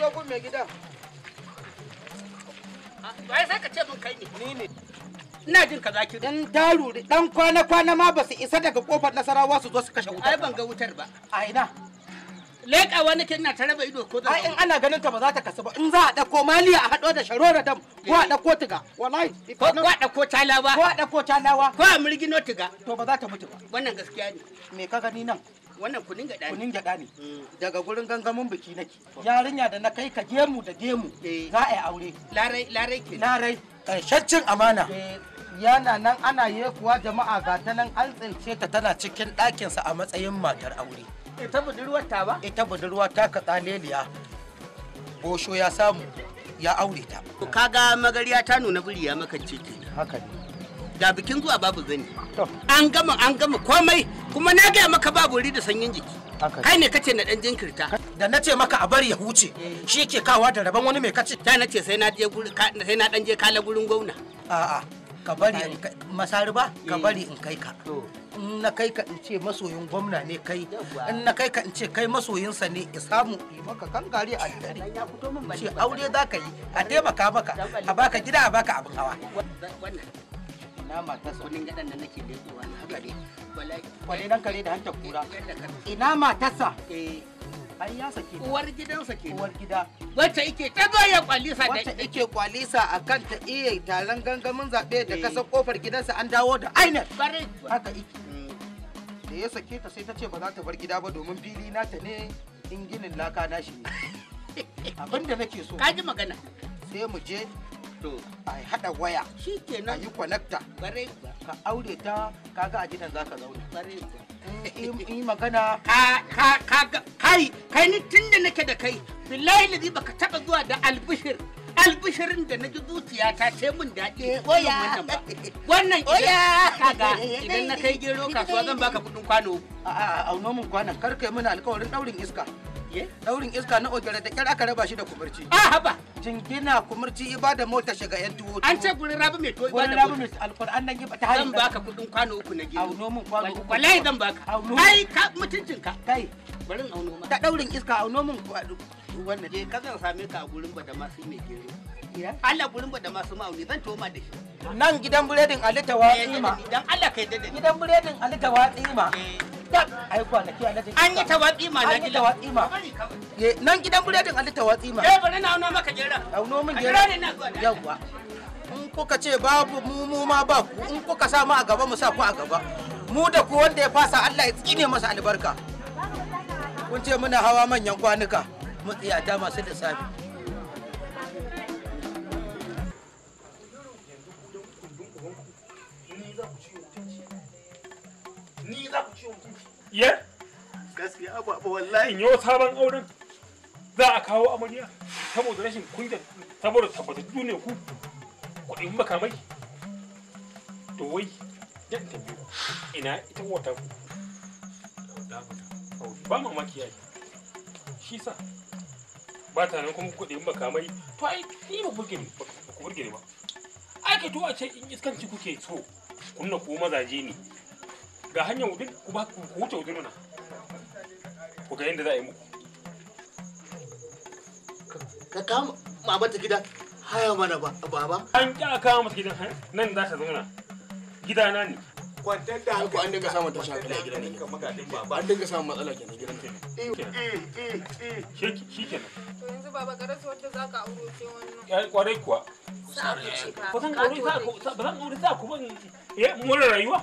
zo mai Wai sai ka ce mun kai Ni ne. Ina jin ka zaki. Dan daru dan kwana kwana ma ba su isa daga kofar Nasarawa su zo su kashe wutar. Ai ban ga wutar ba. A ina. Leƙa wani ke ina ta raba ido ko da. Ai in ana ganin ta ba za ta kasu ba. In za a ɗauko maliya a haɗo da sharora dam ko a ɗauko tiga. Wallahi. Ko a ɗauko talawa. Ko a ɗauko talawa. Ko a tiga. To ba za ta mutu ba. Wannan gaskiya ne. Me ka gani nan? wannan kunin gyaɗa ne kunin gyaɗa ne mm. daga gurin gangamin biki nake yarinya da na kai ka gemu da gemu eh. za a yi aure larai larai ke larai ƙarshen amana eh, yana nan ana yekuwa jama'a ga ta nan an tsince ta tana cikin ɗakinsa a matsayin matar aure ita budurwar ta ba ita budurwa ta katsaleliya bosho ya samu ya aure ta kaga magariya ta nuna buri ya makance kenan haka ne da bikin zuwa babu zani an gama an gama komai kuma na gaya maka babu ri da sanyin jiki kai ne kace na dan jinkirta da na ce maka a bari ya huce shi ke kawa da raban wani mai kace ta na ce sai na je sai na dan je kala gurin gwamna a'a ka bari masari ba ka eh. bari in kai ka in na kai ka in ce masoyin gwamna ne kai in na kai ka in ce kai masoyinsa ne ya samu yi maka a dare ce aure za ka yi a taimaka maka a baka gida a baka abin hawa ina matar kunin gadan da nake da tsoron na gare kwale nan kare da hanta kura ina matarsa eh ai ya sake uwar gidansa ke uwar gida wacce yake taba ya kwalisa da wacce yake kwalisa akan ta iya taron gangamin zabe da eh. kasar kofar gidansa an dawo da ainar haka yake mm. da ya sake ta sai ta ce ba za ta bar gida ba domin fili ta ne ingilin laka na shi ne da nake so kaji magana sai mu je a haɗa waya ayi yi kwanakta ka aure ta kaga a gidan za ka zauna yi magana Ka, ka, kai kai ni tun da nake da kai billahi lazi baka taba zuwa da albishir albishirin da na ji zuciyata ta mun daɗi oya wannan ba wannan idan kaga idan na kai gero kasuwa zan baka kuɗin kwano a a auno mun kwanan kar kai mun alƙawarin ɗaurin iska Eh? daurin iska na ogere da kyar aka raba shi da kumurci a ah, haba jingina kumurci ibada mota shiga yan tuwo an ce gurin rabu mai to ibada rabu mai alkur'an nan ta hali zan baka kudin kwano uku na gini auno mun kwano uku wallahi zan baka Kai ka mutuncin ka kai bari auno ma Da daurin iska auno mun wannan je ka zan same ka a gurin bada masu mai gero Allah gurin bada masu ma'auni zan toma da shi nan gidan buredin alitawa tsima eh, dan Allah kai da gidan buredin alitawa tsima eh. ai kwanaki alhaji an yi tawatsi ma na gidan tawatsi ma nan gidan buredin alhaji tawatsi ma eh bari na auno maka jera auno min jera ne in kuka ce babu mu mu ma ba ku in kuka sa mu a gaba mu sa ku a gaba mu da ku wanda ya fasa Allah ya tsine masa albarka kun ce muna hawa manyan kwanuka mu tsiyata masu lissafi ye gaskiya abu-abu wallahi yau sabon auren za a kawo amarya saboda rashin kunya saboda tabbatattu ne ku kuɗin makamai to wai yan tambayo ina ita wata ku ba mamaki yayi shi sa ba ta nan kuma kuɗin makamai to ai ni ba burge ni ba ku burge ni ba ai ka to a ce in iskanci kuke so kunna ko mazaje ne ga hanyar duk ku ba ku wuce wudurin nan ku ga yadda za a yi muku ka kama mama gida haya mana ba baba an ki a kama mata gidan nan za ta zauna na ne kwantar da haka an dinga samun tashin hankali a gidan nan an dinga samun matsala kenan gidan nan eh, eh, eh, shi kenan yanzu baba garas wanda za ka auro ce wannan kwarai kuwa ba zan aure ta ku ban eh mun rayuwa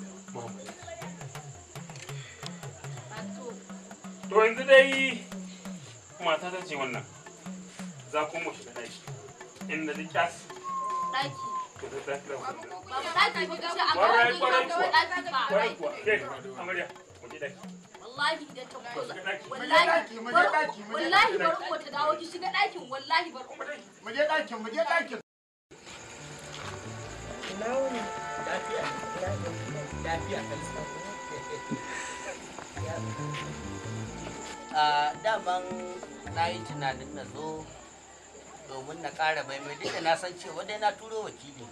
to yanzu dai mata ta ce wannan za ku shiga daki inda duk kyas daki wallahi da ta kuza wallahi wallahi bar ku ta dawo ki shiga dakin wallahi bar ku mu je dakin mu je dakin launi lafiya lafiya lafiya kalista a daman na yi tunanin na zo domin na ƙara maimai duk da na san cewa dai na turo wakili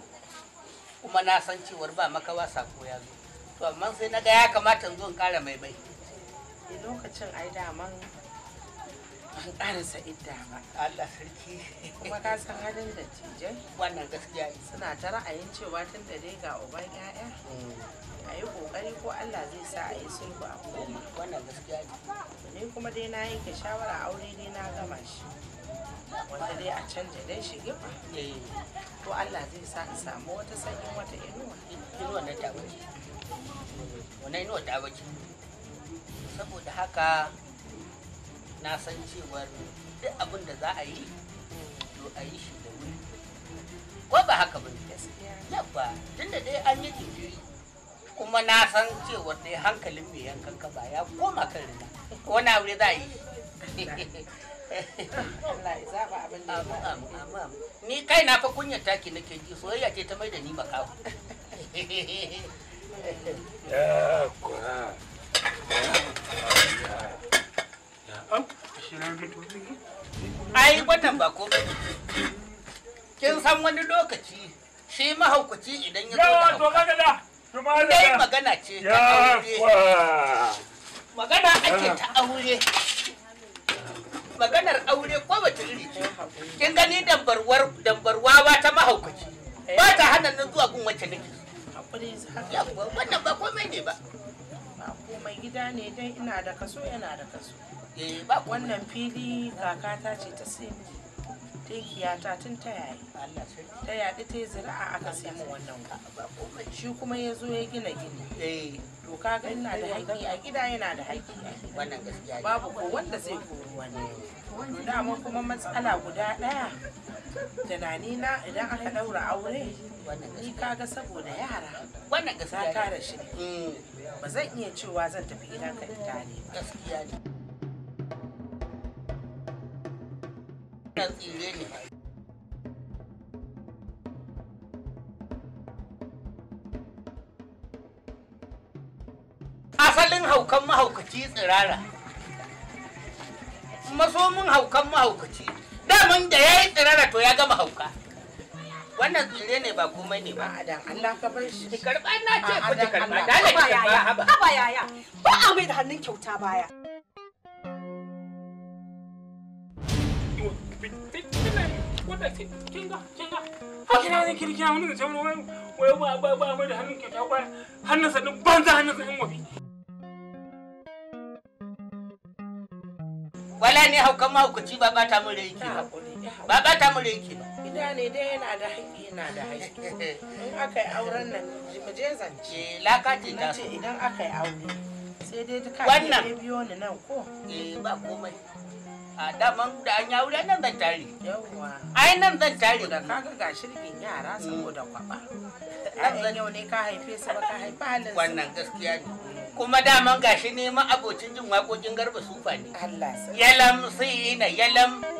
kuma na san cewar ba makawa sako ya zo to amma sai na ga ya kamata in zo in ƙara maimai. Eh, lokacin ai daman ban karasa idda ba Allah sarki kuma ka san halin da tijai wannan gaskiya ne suna ta ra'ayin cewa tun da dai ga uban ƴaƴa mm. a yi ƙoƙari ko Allah zai sa a yi sulhu a koma wannan gaskiya ne ni kuma dai na yanke shawara aure dai na gama shi wanda dai a canja dai shige ba ko eh. Allah zai sa in samu wata sanyin wata inuwa inuwa na ta wannan inuwa ta saboda haka na san cewar duk abin da za a yi to a yi shi da wuri ko ba haka ba ne yabba tunda dai an yi jinkiri kuma na san cewar dai hankalin mai yankan ka ba ya koma kan rina wani aure za a yi ni kai na fa kunyar taki nake ji soyayya ce ta mai da ni makawo ya yeah. ai wannan ba ko kin san wani lokaci shi mahaukaci idan ya zo to magana to magana magana ce ta aure magana ake ta aure maganar aure ko ta iri ce kin gani dambarwar dambarwawa ta mahaukaci ba ta hana nan zuwa gun wacce nake wannan ba komai ne ba ba komai gida ne dai ina da kaso yana da kaso Eh, wannan fili kakata ce ta sai tekiyata tun ta yayi ta yaɗi ta yi zira'a aka sai mu wannan shi kuma ya zo ya gina gini eh. to ka kaga ina da haƙƙi a gida yana da haƙƙi babu ko wanda zai kori wani dama kuma matsala guda ɗaya tunanina idan aka ɗaura aure ni kaga saboda yara wannan gaskiya ta tara shi mm. ba zan iya cewa zan tafi gidan ka ita ne gaskiya ne wannan tsire ne asalin haukan mahaukaci tsirara haukan mahaukaci da ya yi tsirara to ya gama hauka wannan tsire ne ba komai ne ba adan Allah ka bar shi ki karba na ce ku ki ba haba yaya ba a mai da hannun kyauta baya wala ne kirki a wani da cewa ba ba da ta mure yake ba. Ba ba ta mure yake ba. Gida ne dai yana da haƙƙi yana da haƙƙi. In aka auren nan mu je zance. Eh, Laka ce Idan aka yi aure sai dai ta kai biyo ni nan ko. Eh ba komai. daman da an yawo nan zan tare ai nan zan tare da kaga ga shirgin yara saboda kwaba zan yau ne ka haife su ba ka haifa halin wannan gaskiya ne kuma daman gashi neman abocin jin waƙoƙin garba sufa ne. Allah sai. Yalam sai ina yalam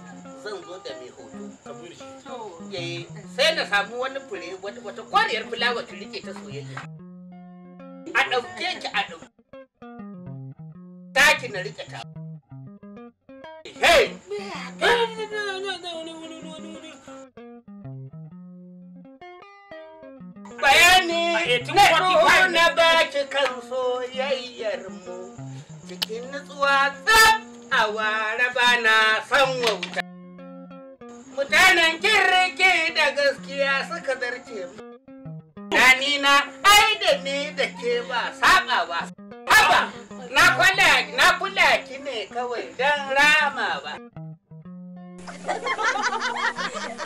zan zo da mai hoto eh, sai na samu wani fure wata kwariyar fulawa ki rike ta soyayya a ɗauke ki a ɗauke taki na rike ta hey bayani na baki kan soyayyar mu cikin nutsuwa tsab a ware bana san wauta maganan kirki da gaskiya suka darke Nani na ai da ni da ke ba saba ba. Haba na kula na kula ki ne kawai don rama ba.